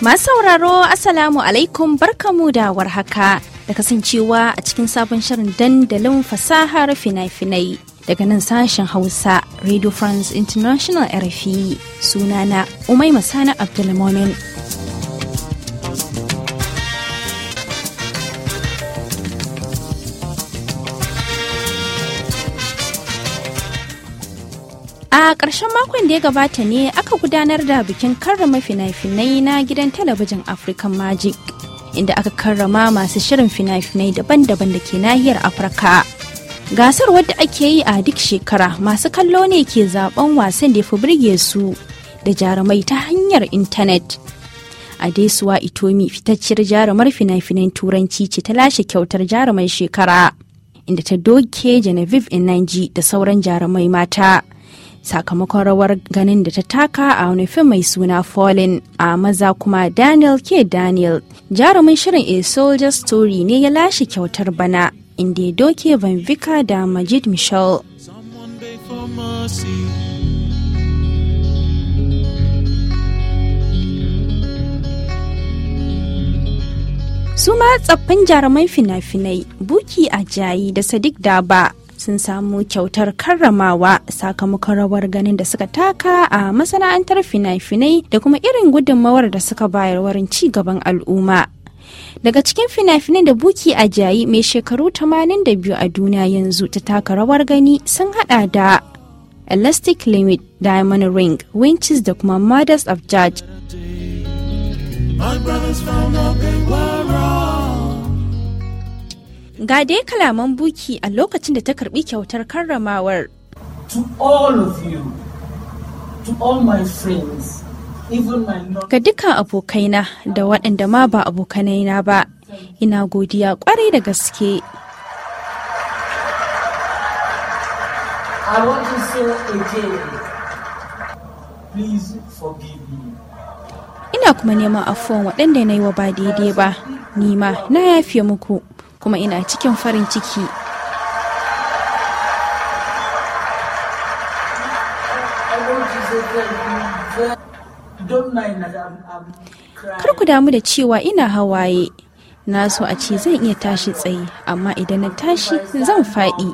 Masu sauraro Assalamu alaikum barkamu da warhaka da kasancewa a cikin sabon shirin dandalin fasahar finai-finai daga nan sashen Hausa Radio France International RFI sunana Umai Masana Abdulmomin. A ƙarshen makon da ya gabata ne aka gudanar da bikin karrama fina-finai na gidan talabijin African Magic, inda aka karrama masu shirin fina-finai daban-daban da ke nahiyar Afirka. Gasar wadda ake yi a duk shekara masu kallo ne ke zaben wasan da ya fi birge su da jarumai ta hanyar intanet. Adesuwa Itomi fitacciyar jarumar fina-finan turanci ce ta lashe kyautar jarumai shekara, inda ta doke Genevieve Inanji da sauran jarumai mata. sakamakon rawar ganin da ta taka a wani fim mai suna Fallen a maza kuma Daniel K. Daniel. Jarumin shirin A Soldier Story ne ya lashe kyautar bana inda ya doke Van Vika da Majid Michel. suma tsaffin jaruman fina-finai buki jayi da sadiq ba sun samu kyautar karramawa sakamakon rawar ganin da suka taka a masana'antar fina-finai da kuma irin gudunmawar da suka bayar warin ci gaban al'umma. daga cikin fina da buki a jayi mai shekaru 82 a duniya yanzu ta taka rawar gani sun hada da elastic limit diamond ring winches da kuma mothers of judge Ga dai kalaman buki a lokacin da ta karbi kyautar karramawar. To all of you, to all my friends, Ga dukkan abokaina da waɗanda ma ba abokanaina ba, ina godiya ƙwarai da gaske. I want to say again, please forgive me. Ina kuma neman afuwan waɗanda na yi wa ba daidai ba, nima na yafe muku. kuma ina cikin farin ciki kar ku damu da cewa ina hawaye na so a ce zan iya tashi tsaye amma idan na tashi zan faɗi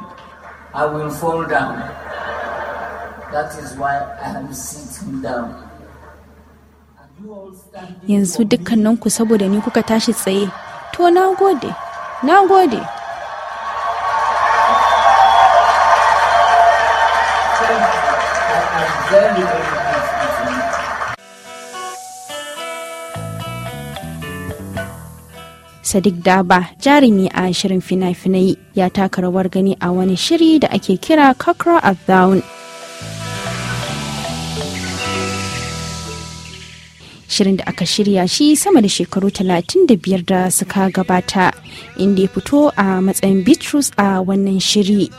yanzu dukkaninku saboda ni kuka tashi tsaye to na gode Na gode. Sadiq Daba jarumi a shirin fina-finai ya taka rawar gani a wani shiri da ake kira Kakra Down. shirin da aka shirya shi sama da shekaru 35 da suka gabata inda ya fito a matsayin bitrus a wannan shiri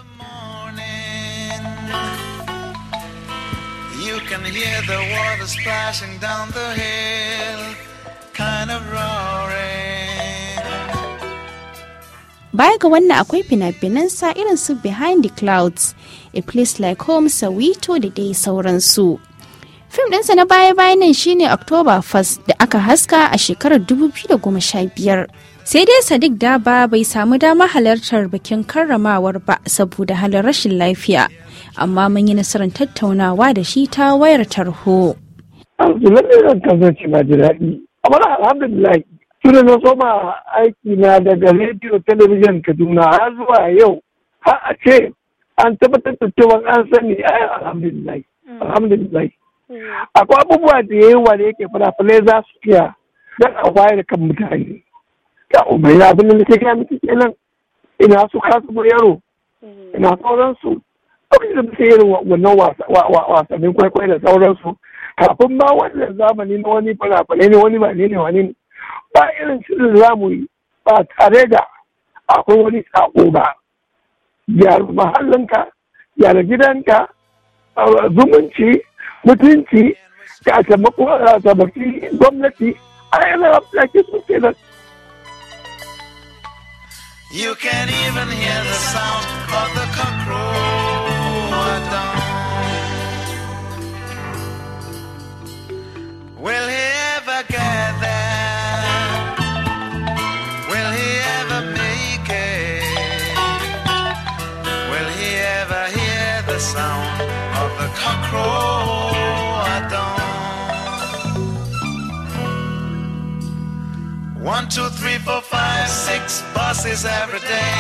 baya ga wannan akwai fina-finan sa irin su behind the clouds a place like home sawito da dai sauransu Fim ɗinsa na baya-bayan nan shine October 1 da aka haska a shekarar 2015. Sai dai Sadiq Daba bai samu dama halartar bikin karramawar ba saboda halin rashin lafiya, amma mun yi nasarar tattaunawa da shi ta wayar tarho. Alhamdulillah zan ce na ji daɗi, amma alhamdulillah tuna na soma aiki na daga rediyo talabijin Kaduna har zuwa yau har a ce an tabbatar da cewa an sani alhamdulillah mm. alhamdulillah akwai abubuwa da ya yawa da yake fina-finai za su iya don a wayar kan mutane ta umarni abin da nake gaya miki kenan ina su kasu yaro ina sauransu Akwai da muke yin wannan wasannin kwaikwayo da sauransu kafin ma wannan zamani na wani fara finai ne wani ba ne ne wani ba irin shirin za mu yi ba tare da akwai wani sako ba gyara mahallinka gyara gidanka zumunci mutunci da gwamnati a You can even hear the sound of the cockroach. two, three, four, five, six buses every day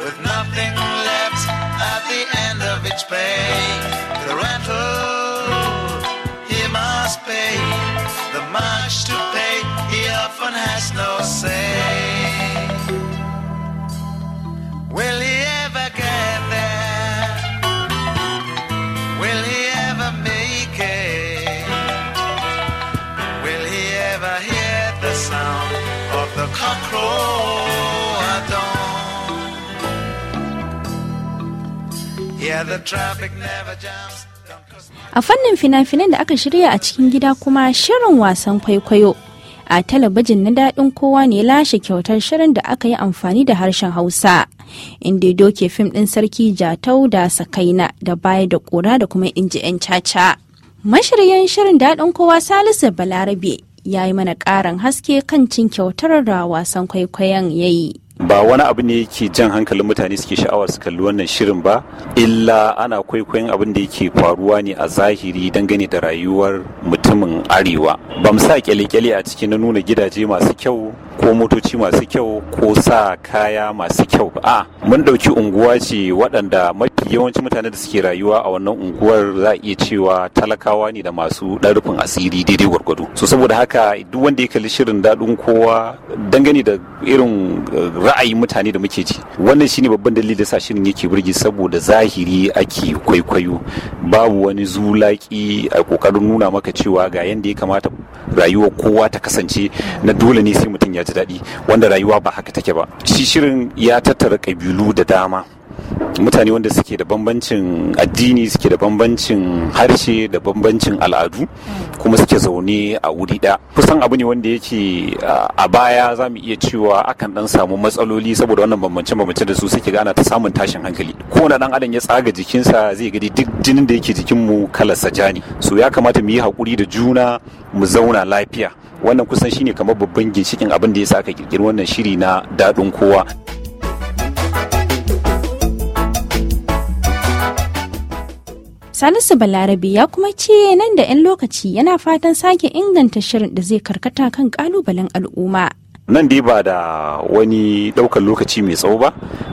with nothing left at the end of each pay. The rental he must pay, the much to pay he often has no say. A fannin fina-finan da aka shirya a cikin gida kuma shirin wasan kwaikwayo. A talabijin na daɗin kowa ne lashe kyautar shirin da aka yi amfani da harshen Hausa, inda doke fim ɗin sarki jatau da sakaina da baya da ƙura da kuma inji 'yan caca. Mashiryan shirin daɗin kowa Salisu Balarabe ya yi mana ƙarin haske kan cin kyautar da wasan kwaikwayon ya yi. ba wani abu ne yake jan hankalin mutane suke sha'awa su kalli wannan shirin ba illa ana kwaikwayon abin da yake faruwa ne a zahiri dangane da rayuwar mutum mutumin arewa ba mu sa kyale-kyale a ciki na nuna gidaje masu kyau ko motoci masu kyau ko sa kaya masu kyau a mun ɗauki unguwa ce waɗanda mafi yawanci mutane da suke rayuwa a wannan unguwar za a iya cewa talakawa ne da masu ɗarufin asiri daidai gwargwado so saboda haka duk wanda ya kalli shirin daɗin kowa dangane da irin eh, ra'ayin mutane da muke ji wannan shine babban dalilin da sa shirin yake burge saboda zahiri ake kwaikwayo babu wani zulaki a kokarin nuna maka cewa cewa ga yanda ya kamata rayuwa kowa ta kasance na dole ne sai mutum ya ji daɗi wanda rayuwa ba haka take ba shi shirin ya tattara ƙabilu da dama mutane wanda suke da bambancin addini suke da bambancin harshe da bambancin al'adu kuma suke zaune a wuri ɗaya kusan abu ne wanda yake a baya za mu iya cewa akan dan samu matsaloli saboda wannan bambancin bambancin da su suke gana ta samun tashin hankali kowane dan adam ya tsaga jikinsa zai gadi duk jinin da yake jikinmu kalarsa ja ne so ya kamata mu yi haƙuri da juna mu zauna lafiya wannan kusan shine kamar babban ginshikin abin da ya sa aka kirkiri wannan shiri na daɗin kowa Salisu Balarabe ya kuma ce nan da 'yan lokaci yana fatan sake inganta shirin da zai karkata kan kalubalen al'umma nan dai ba da wani ɗaukar lokaci mai tsawo ba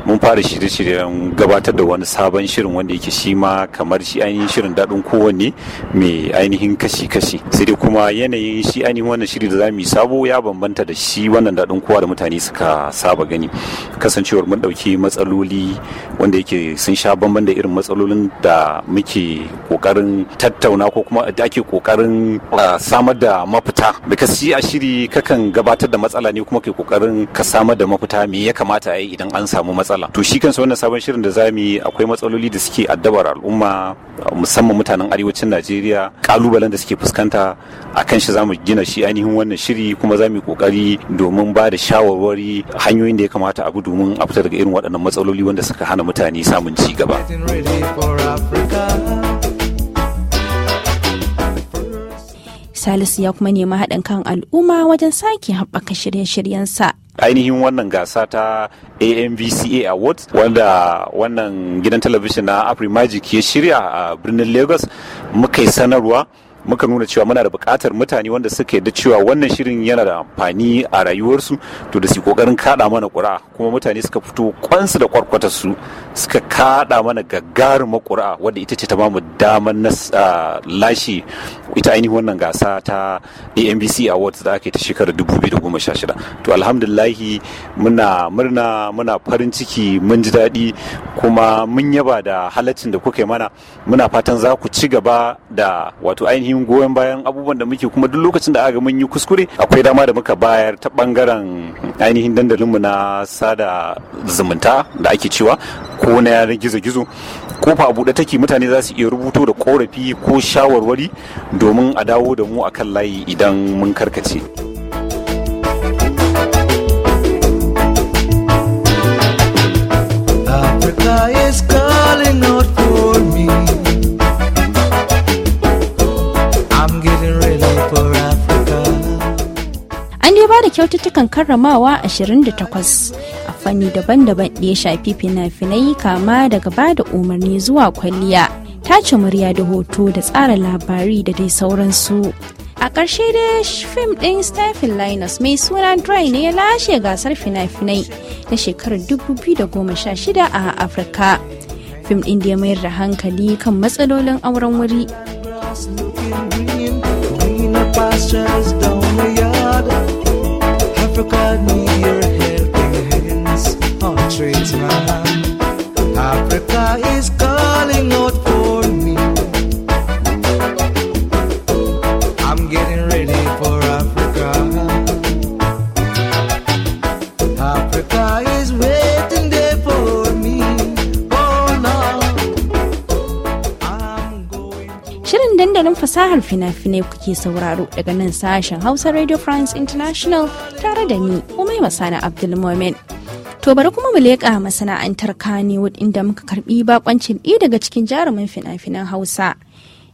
mun fara shirye-shiryen gabatar da wani sabon shirin wanda yake shi ma kamar shi ainihin shirin daɗin kowanne mai ainihin kashi-kashi sai dai kuma yanayin shi ainihin wannan shiri da za mu yi sabo ya bambanta da shi wannan daɗin kowa da mutane suka saba gani kasancewar mun ɗauki matsaloli wanda yake sun sha bamban da irin matsalolin da muke ƙoƙarin tattauna ko kuma da ake ƙoƙarin ah, samar da mafita da shi a shiri kakan gabatar da matsala ne kuma ke kokarin ka samar da mafita me ya kamata a yi idan an samu matsala to shi kansa wannan sabon shirin da zamu yi akwai matsaloli da suke addabar al'umma musamman mutanen arewacin Najeriya kalubalen da suke fuskanta a kan shi zamu gina shi ainihin wannan shiri kuma zamu yi kokari domin ba da shawarwari hanyoyin da ya kamata a bi domin a fita daga irin waɗannan matsaloli wanda suka hana mutane samun ci gaba. Salisu ya kuma nemi haɗin kan al'umma wajen sake haɓaka shirye-shiryensa. ainihin wannan gasa ta AMVCA Awards wanda wannan gidan talabijin na Afrimagic ya shirya a birnin Lagos muka yi sanarwa muka nuna cewa muna da buƙatar mutane wanda suka yarda cewa wannan shirin yana da amfani a rayuwarsu to da su kokarin kada mana ƙura kuma mutane suka fito kwansu da kwarkwatar su suka kada mana gagarumar ƙura wadda ita ce ta bamu damar na lashe ita ainihin wannan gasa ta AMBC Awards da aka ta shekarar shida. to alhamdulillahi muna murna muna farin ciki mun ji daɗi kuma mun yaba da halaccin da kuka yi mana muna fatan za ku ci gaba da wato ainihin goyon bayan abubuwan da muke kuma duk lokacin da aka mun yi kuskure akwai dama da muka bayar ta bangaren ainihin dandalinmu na sada zumunta da ake cewa ko na yanar gizo-gizo kofa a buɗe take mutane za su iya rubuto da korafi ko shawarwari domin a dawo da mu akan layi idan mun karkace. An dai ba da kyaututtukan karramawa 28 fanni daban-daban da ya shafi fina-finai kama daga ba da umarni zuwa kwalliya tace murya da hoto da tsara labari da dai sauransu a ƙarshe da fim ɗin stephen linus mai suna dry ne ya lashe gasar fina-finai na shekarar 2016 a afirka fim ɗin da ya mayar da hankali kan matsalolin auren wuri Africa, New trees man. Africa is calling out for me. I'm getting ready for Africa. Africa is waiting there for me. Oh no. I'm going to. Shirin dandalin fasahar fina-finai kuke sauraro daga nan sashen Hausa Radio France International tare da ni, Umaima Sani Abdulmomin. To bari kuma mu leƙa masana'antar Kannywood inda muka karbi bakoncin ɗaya daga cikin jarumin fina-finan Hausa.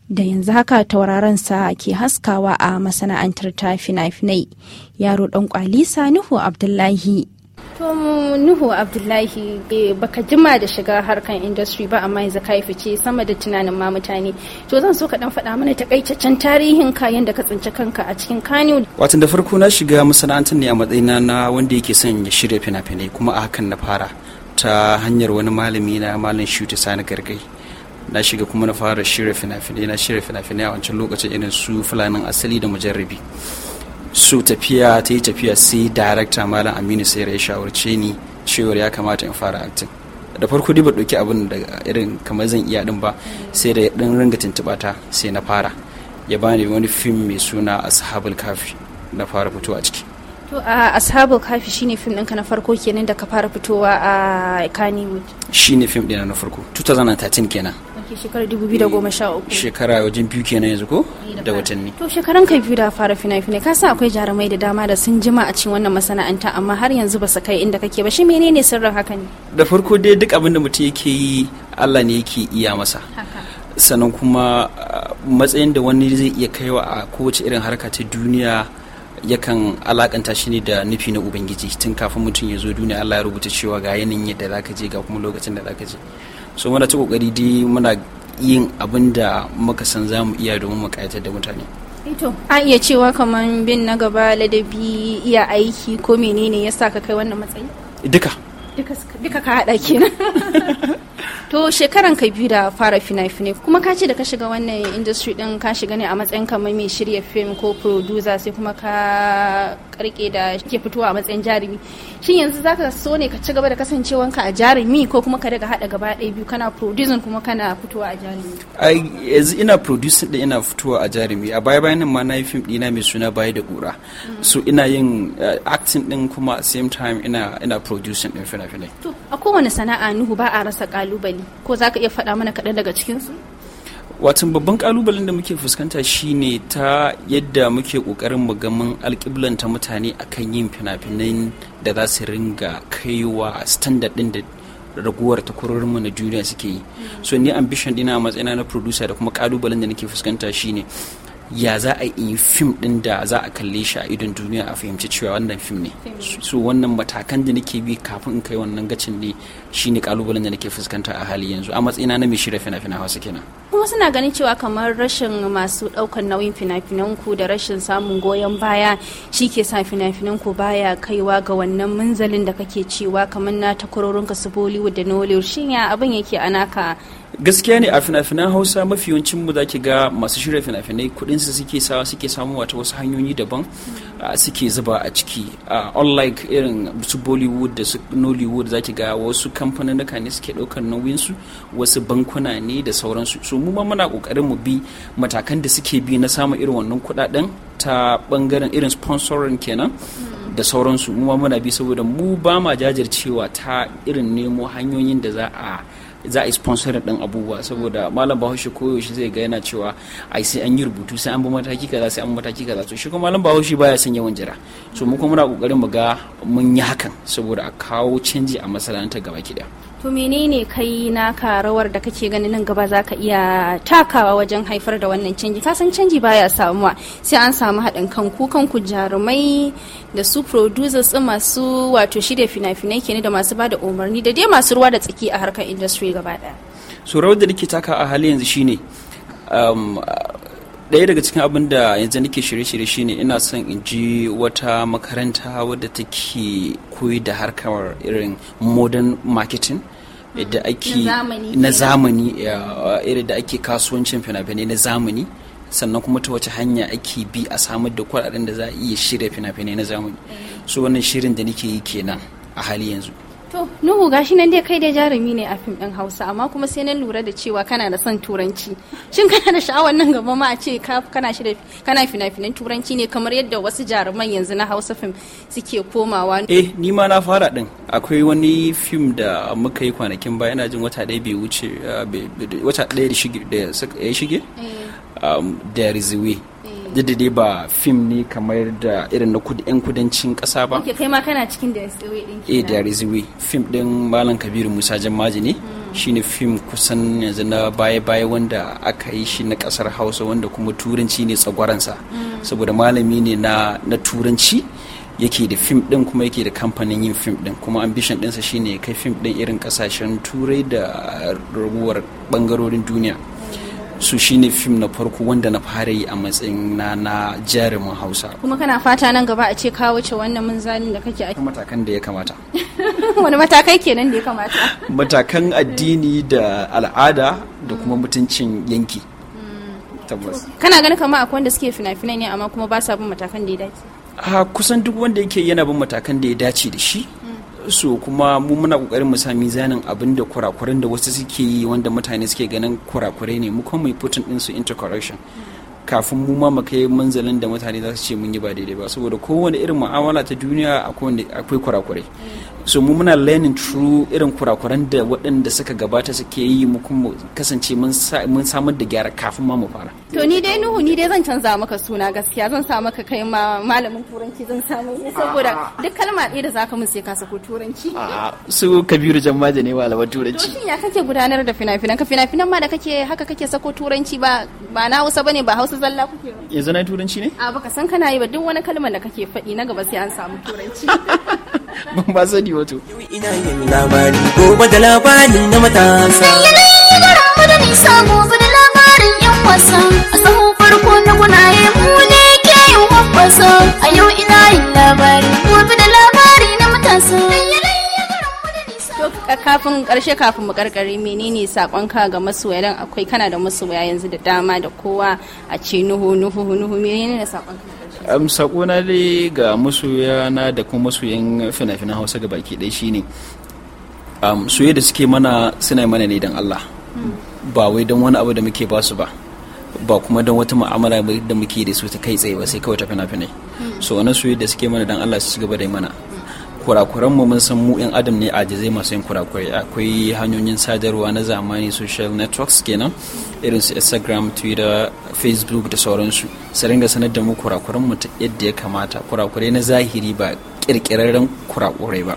Da yanzu haka tauraron sa ke haskawa a masana'antar ta fina-finai. Yaro ɗan kwali Sanihu Abdullahi To Nuhu Abdullahi eh, baka jima da shiga harkan industry ba amma yanzu kai fice sama da tunanin ma mutane. To zan so ka dan faɗa mana takaitaccen tarihin kayan da ka tsinci kanka a cikin Kano. Watan da farko na shiga masana'antar ne a matsayina na wanda yake son ya shirya fina-finai kuma a hakan na fara ta hanyar wani malami na malam Shuti Sani Gargai. Na shiga kuma na fara shirya fina-finai na shirya fina-finai a wancan lokacin irin su fulanin asali da mujarrabi. su tafiya ta yi tafiya sai darakta malam aminu sai ya shawarce ni cewar ya kamata in fara acting da farko dai ba ɗauki abin da irin kamar zan iya din ba sai da ɗan ringa tuntuɓa ta sai na fara ya bani wani fim mai suna ashabul kafi na fara fito a ciki To a Ashabul Kafi shine fim ɗinka na farko kenan da ka fara fitowa a Kannywood. Shine fim ɗina na farko 2013 kenan. ke shekarar 2013 eh, shekara wajen biyu kenan yanzu ko da watanni to shekaran kai biyu da fara fina-finai ka san akwai jarumai da dama da sun jima a cikin wannan masana'anta amma har yanzu ba su kai inda kake ba shi menene sirrin haka ne da farko dai duk abin da mutum yake yi Allah ne yake iya masa sannan kuma matsayin da wani zai iya kaiwa a kowace irin harka ta duniya yakan alakanta shi ne da nufi na ubangiji tun kafin mutum ya zo duniya Allah ya rubuta cewa ga yanayin yadda zaka je ga kuma lokacin da zaka je so muna ta kokari dai muna yin abin da muka san za mu iya domin mu kayatar da mutane eh a iya cewa kamar bin na gaba ladabi iya aiki ko menene ya sa ka kai wannan matsayi duka duka ka haɗa kenan to shekaran ka biyu da fara fina-finai kuma ka ce da ka shiga wannan industry din ka shiga ne a matsayin kamar mai shirya fim ko producer sai kuma ka karke da ke fitowa a matsayin jarumi shin yanzu zaka so ne ka ci gaba da kasancewanka a jarumi ko kuma ka daga hada gaba ɗaya biyu kana producing kuma kana fitowa a jarumi ai yanzu ina producing da ina fitowa a jarumi a baya bayan ma na yi film ɗina mai suna baya da kura mm. so ina yin eh, acting din kuma same time ina ina producing din fina-finai to a kowane sana'a nuhu ba a rasa kalubale ko zaka iya faɗa mana kaɗan daga cikinsu watan babban kalubalen da muke fuskanta shine ta yadda muke kokarin mu ga mun alƙiblanta mutane akan yin fina-finan da za su ringa kaiwa standard din da raguwar takwarorinmu na duniya suke yi so ni ambition dina a matsayina na producer da kuma kalubalen da nake fuskanta shine ya za a yi fim din da za a kalle shi a idon duniya a fahimci cewa wannan fim ne so wannan matakan da nake bi kafin in kai wannan gacin ne shine kalubalen da nake fuskanta a hali yanzu a matsayina na mai shirya fina-finan hausa kenan kuma suna ganin cewa kamar rashin masu daukan nauyin fina-finan ku da rashin samun goyon baya shi ke sa fina-finan ku baya kaiwa ga wannan munzalin da kake cewa kamar na takwarorin su bollywood da nollywood shin ya abin yake anaka gaskiya ne a fina-finan hausa mafi yawancin mu zaki ga masu shirya fina-finai kudin su suke sawa suke samu wata wasu hanyoyi daban suke zuba a ciki unlike irin su bollywood da su nollywood zaki ga wasu kamfanin ne suke daukar nauyin su wasu bankuna ne da sauransu mu ma muna kokarin mu bi matakan da suke bi na samun irin wannan kudaden ta bangaren irin sponsorin kenan da sauransu mu ma muna bi saboda mu ba ma jajircewa ta irin nemo hanyoyin da za a za a sponsor sponsorin abubuwa saboda malam bahaushe koyaushe zai ga yana cewa ai sai an yi rubutu sai an bi mataki kaza sai an bi mataki kaza to shi kuma malam bahaushe baya son yawan jira so mu kuma muna kokarin mu ga mun yi hakan saboda a kawo canji a ta gaba kida To menene kai naka rawar da kake ganin nan gaba za ka iya takawa wajen haifar da wannan canji? Kasan canji baya samuwa sai an samu haɗin kan ku kanku jarumai da su producers ɗin masu wato shirya fina-finai kenan da masu bada umarni da dai masu ruwa da tsaki a harkar industry gaba ɗaya. So rawar da nake taka a hali yanzu shine um, ɗaya daga cikin abin da yanzu nake shirye-shirye shine ina son in ji wata makaranta wadda take koyi da harkar irin modern marketing da mm-hmm. ake na zamani eh, irin da ake kasuwancin fina-finai na zamani sannan kuma ta wace hanya ake bi a samar da kuɗaɗen da za a iya shirya fina-finai na zamani mm-hmm. so wannan shirin da nake yi kenan a hali yanzu To, Nuhu gashi nan dai kai da jarumi ne a fim ɗin Hausa, amma kuma sai na lura da cewa kana da son Turanci. Shin kana da sha'awar nan gaba ma a ce kana shi kana fina-finan Turanci ne kamar yadda wasu jaruman yanzu na Hausa fim suke komawa. Eh, ni ma na fara ɗin. Akwai wani fim da muka yi kwanakin ba yana jin wata ɗaya bai wuce ah, wata ɗaya da shige Eh. ya um, There is a way. duk dai ba fim ne kamar da irin na yan kudancin kasa ba. Ok, kai ma kana cikin da Rizwe din Eh, da Rizwe. Fim din Malam Kabiru Musa Jammaji ne. Hmm. shine fim kusan yanzu na baya-baya wanda aka yi shi na kasar hausa wanda kuma turanci ne tsagwaransa hmm. saboda malami ne na turanci yake da fim din kuma yake da kamfanin yin fim din kuma ambition dinsa shine kai fim din irin kasashen turai da raguwar bangarorin duniya su shine fim na farko wanda na fara yi a matsayin na na jarumin hausa kuma kana fata nan gaba a ce ka wuce wannan munzalin da kake aiki matakan da ya kamata wani matakai kenan da ya kamata matakan addini da al'ada da kuma mutuncin yanki tabbas kana ganin kamar akwai wanda suke fina-finai ne amma kuma ba sa bin matakan da ya dace a ah, kusan duk wanda yake yana bin matakan da ya dace da shi so kuma mu muna kokarin mu sami zanin abin da kurakuran da wasu suke yi wanda mutane suke ganin kurakurai ne mu kuma mu yi putin din su into correction mm -hmm. kafin mu ma kai manzalin da mutane za su ce mun yi ba daidai ba saboda kowane irin mu'amala ta duniya akwai kurakurai so mu muna learning true irin kurakuran da waɗanda suka gabata suke yi mu kuma kasance mun samar da gyara kafin ma mu fara to ni dai nuhu ni dai zan canza maka suna gaskiya zan sa maka kai ma malamin turanci zan samu saboda duk kalma ɗaya da zaka mun sai ka sako turanci su kabiru jammaje ne malaman turanci to shin ya kake gudanar da fina-finan ka fina-finan ma da kake haka kake sako turanci ba ba na Hausa bane ba Hausa Su zalla kuke ba. Yanzu na turanci ne? A baka san kana yi ba duk wani kalmar da kake faɗi na gaba sai an samu turanci. Ban ba sani wato. Ina yin labari gobe da labari na matasa. Yanayi da ramu da nisa gobe da labarin yan wasa. A tsaho farko na gunaye mu ne ke yin wasa A yau ina yin labari gobe da labari na matasa. kafin karshe kafin mu karkare menene sakonka ga masoya dan akwai kana da masoya yanzu da dama da kowa a ce nuhu nuhu nuhu menene ne sakonka um, sakona dai ga na da kuma masoyan fina-finan hausa ga baki ɗaya shine um, soye da suke mana suna mana ne don allah hmm. ba wai don wani abu da muke ba su ba ba kuma don wata mu'amala da muke da su ta kai tsaye ba sai kawai ta fina-finai hmm. so wani soye da suke mana don allah su gaba da mana kurakuran mu mun san mu in adam ne ajizai masu yin kurakurai akwai hanyoyin sadarwa na zamani social networks kenan irin su instagram twitter facebook da sauransu su ringa sanar da mu kurakuranmu ta yadda ya kamata kurakurai na zahiri ba kirkirarren kurakurai ba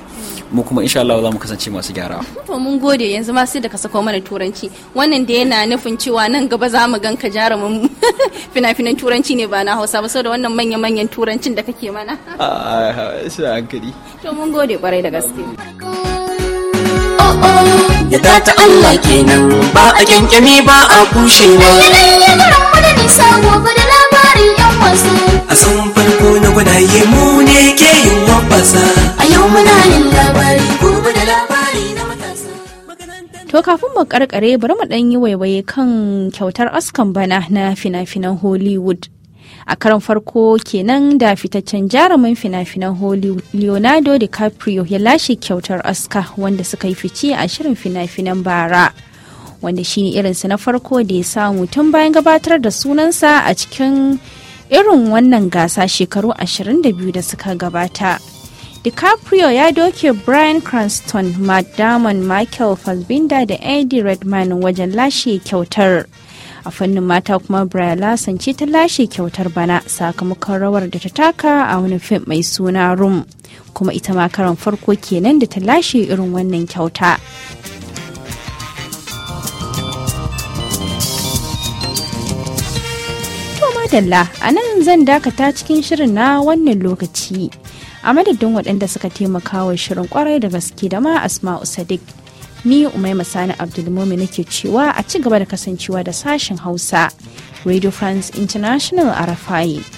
mu kuma insha Allah za mu kasance masu gyara to mun gode yanzu ma sai da ka sako mana turanci wannan da yana nufin cewa nan gaba za mu ganka jarumin fina-finan turanci ne ba na Hausa ba saboda wannan manya-manyan turancin da kake mana ah, a hankali to mun gode kwarai da gaske oh, oh, yadda ta Allah kenan ba a kyankyami ba a kushewa yanayi ya garan mu da nisa gobe da a farko na mu ne ke yin wabasa a yau muna yin labari gobe da labari na To kafin mu karkare bari mu dan yi waiwaye kan kyautar askan bana na fina-finan Hollywood. a karan farko kenan da fitaccen jarumin fina-finan hollywood leonardo dicaprio ya lashe kyautar aska wanda suka yi fice a shirin fina-finan bara wanda shine irinsa na farko da ya samu tun bayan gabatar da sunansa a cikin irin wannan gasa shekaru 22 da suka gabata. DiCaprio ya doke Brian Cranston, Matt Damon, Michael falbinda da Eddie redman wajen lashe kyautar. A fannin mata kuma Brian Larson ce ta lashe kyautar bana sakamakon rawar da ta taka a wani fim mai suna Room, kuma ita ma karan farko kenan da ta lashe irin wannan kyauta. madalla a nan zan dakata cikin shirin na wannan lokaci a madadin waɗanda suka taimaka wa shirin kwarai da gaske da ma asma'u sadiq ni umaima sani abdulmomi nake cewa a ci gaba da kasancewa da sashen hausa radio france international a rafaye